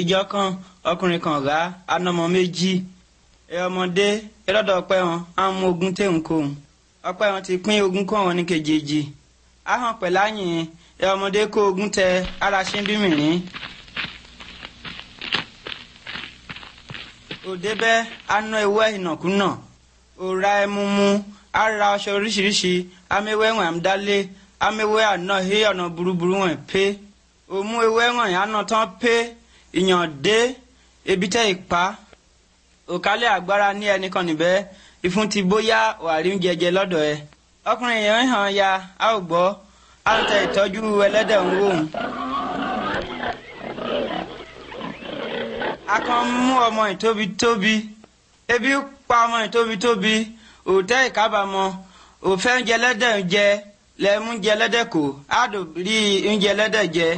ìjọ kan ọkùnrin kan ọ̀gá anọmọ méjì ẹ ọmọdé ẹ lọ́dọ̀ ọpẹ́ wọn á mú ogún téhùn kóhùn ọpẹ́ wọn ti pín ogún kó wọn ní kejìjì ahọ́n pẹ̀lú àyìn ẹ ọmọdé kó ogún tẹ ara ṣe ń bí mìírín. òde bẹ́ aná ewu ẹ̀hìnàkúnà òra ẹmumu ara ọṣọ oríṣiríṣi amẹwẹ́ ẹ̀wọ̀n àmdálé amẹwẹ́ àná hí ọ̀nà burúburú wọn pé òmu ewu ẹ̀wọ̀n yẹn àná tán pé ìyàn dé ebi tẹ́ ìpa òkálẹ̀ agbára ní ẹnìkan níbẹ̀ ìfun ti bóyá wàrí ń jẹjẹ lọ́dọ̀ ẹ. ọkùnrin yẹn hàn ya a ò gbọ́ a ń tẹ ìtọ́jú ẹlẹ́dẹ̀ ń wò ń. a kàn mú ọmọ ìtóbitóbi ebi pa ọmọ ìtóbitóbi òtẹ́ ìkábàámọ̀ òfẹ́ ń jẹ lẹ́dẹ̀ ń jẹ lẹ́mú ń jẹ lẹ́dẹ̀ kò á dò rí ń jẹ lẹ́dẹ̀ jẹ.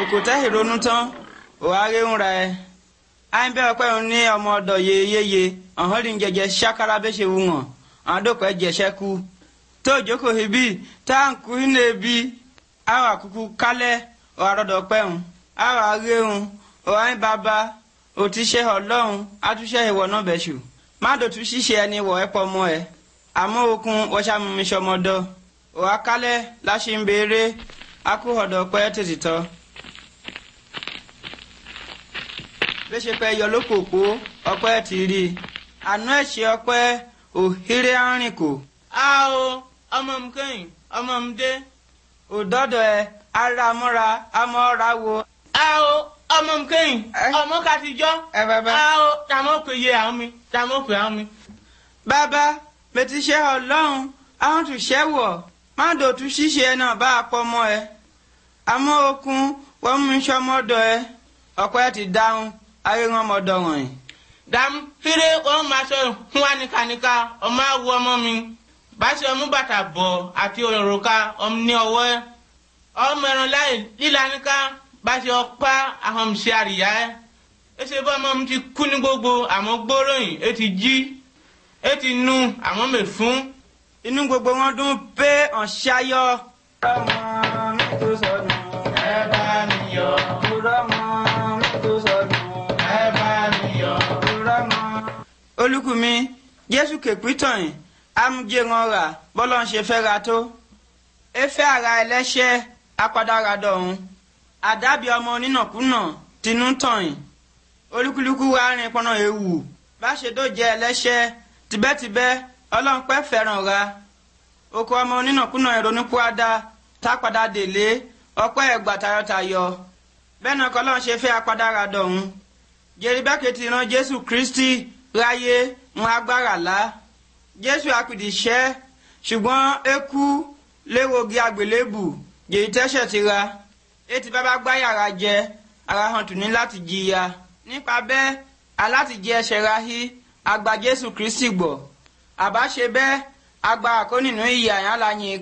òkòtá ìrònú tán òhárẹ́ ń ra ẹ àìbẹ́ ọpẹ́ òun ní ọmọ ọ̀dọ̀ yeyeye ọ̀hún rí jẹjẹ ṣákárá bẹ́ ṣe wù wọ́n àdókò ẹ jẹṣẹ́ ku tó jókòó ibi táǹkù iná ebi àwọn àkùkù kálẹ̀ ọ̀hárọ̀dọ̀ ọpẹ́ òun àwọn àárẹ̀ òun ọ̀hán bàbá òtíṣẹ́ ọlọ́run àtúnṣe ìwọ náà bẹ̀ ṣù má dòtú ṣíṣe ẹni wọ̀ ẹ́ pọ̀ mọ́ ẹ àmọ́ okun wọ́ṣàmùmíṣọmọdọ́ ọ̀hán kálẹ̀ láṣìǹbẹ̀rẹ̀ akóhọ̀dọ̀ ọpẹ́ tètè tọ́. bí ṣe yọ lókòkó ọpẹ́ ti rí i àná ẹ̀ṣẹ̀ ọpẹ́ òhèrè arìn kò. a o ọmọ mi kẹ́yìn ọmọ mi dé. òdọ́dọ̀ ẹ ara mọ́ra amọ́ wo. a o ọmọ mi kẹ́yìn ọmọ ká ti jọ́. ẹ bàbá a o tàmọ́ pè yé àwọn mi tàmọ́ pè àwọn mi. bàbá bẹ́tí ṣe àwọn tún ṣẹ́ wọ̀ má dòtú ṣíṣe ẹ náà bá a pọ̀ mọ́ ẹ. àmọ́ okun wọ́n mú iṣẹ́ ọmọdọ̀ ẹ ọ̀pẹ́ ti dáhùn ayi ŋa mɔ dɔŋɔe. dam hire o ma sɔ huwa nika nika o ma wu ọmọ mi basi ọmu bàtà bọ àti òrùka ọmu ní ọwọ́ ọmọ ẹran láì líla nika basi ọpa ahọ́n ṣe àríyá ẹ e. ẹsẹ e bá ọmọ mi ti kú ní gbogbo àmọ́ gbóróyìn ẹ e ti jí ẹ ti nu àmọ́ mẹ fún. inú gbogbo wọn dún pé ọ̀ṣayọ. ọmọ mi tó sọnù ẹ bá mi yọ. olùkùnmi jésù kèpítọ̀yìn amújẹranra bọ́lá ń ṣe fẹ́ra tó efe ara ẹlẹ́ṣẹ̀ apadaradọ̀hún àdábì ọmọ onínàkúnà tinútọ̀yìn olúkúlùkù wa rìn pọnà ewu bá ṣe dóje ẹlẹ́ṣẹ̀ tibẹ́tibẹ́ ọlọ́run pẹ́ fẹ́ràn ra oko ọmọ onínàkúnà ìrònúpúadá tápadà délé ọpẹ́ ẹ̀gbà tayọ̀tayọ̀ bẹ́ẹ̀ náà kọ́ lọ́n ṣe fẹ́ apadaradọ̀hún jeribẹ́kẹ̀ ti ran jésù kristi ráyé ń agbára lá jésù apìdìṣẹ ṣùgbọ́n eku lérogi àgbélébù jèyí tẹ́ṣẹ̀ ti ra etí bàbá gbá yàrá jẹ ara hàn tù ní láti jìyà nípa bẹ́ẹ̀ alátìjẹ ẹ̀ṣẹ̀ ra hí jésù kristi gbọ́ àbá ṣe bẹ́ẹ̀ agbára kó nínú ìyà yẹn la yẹn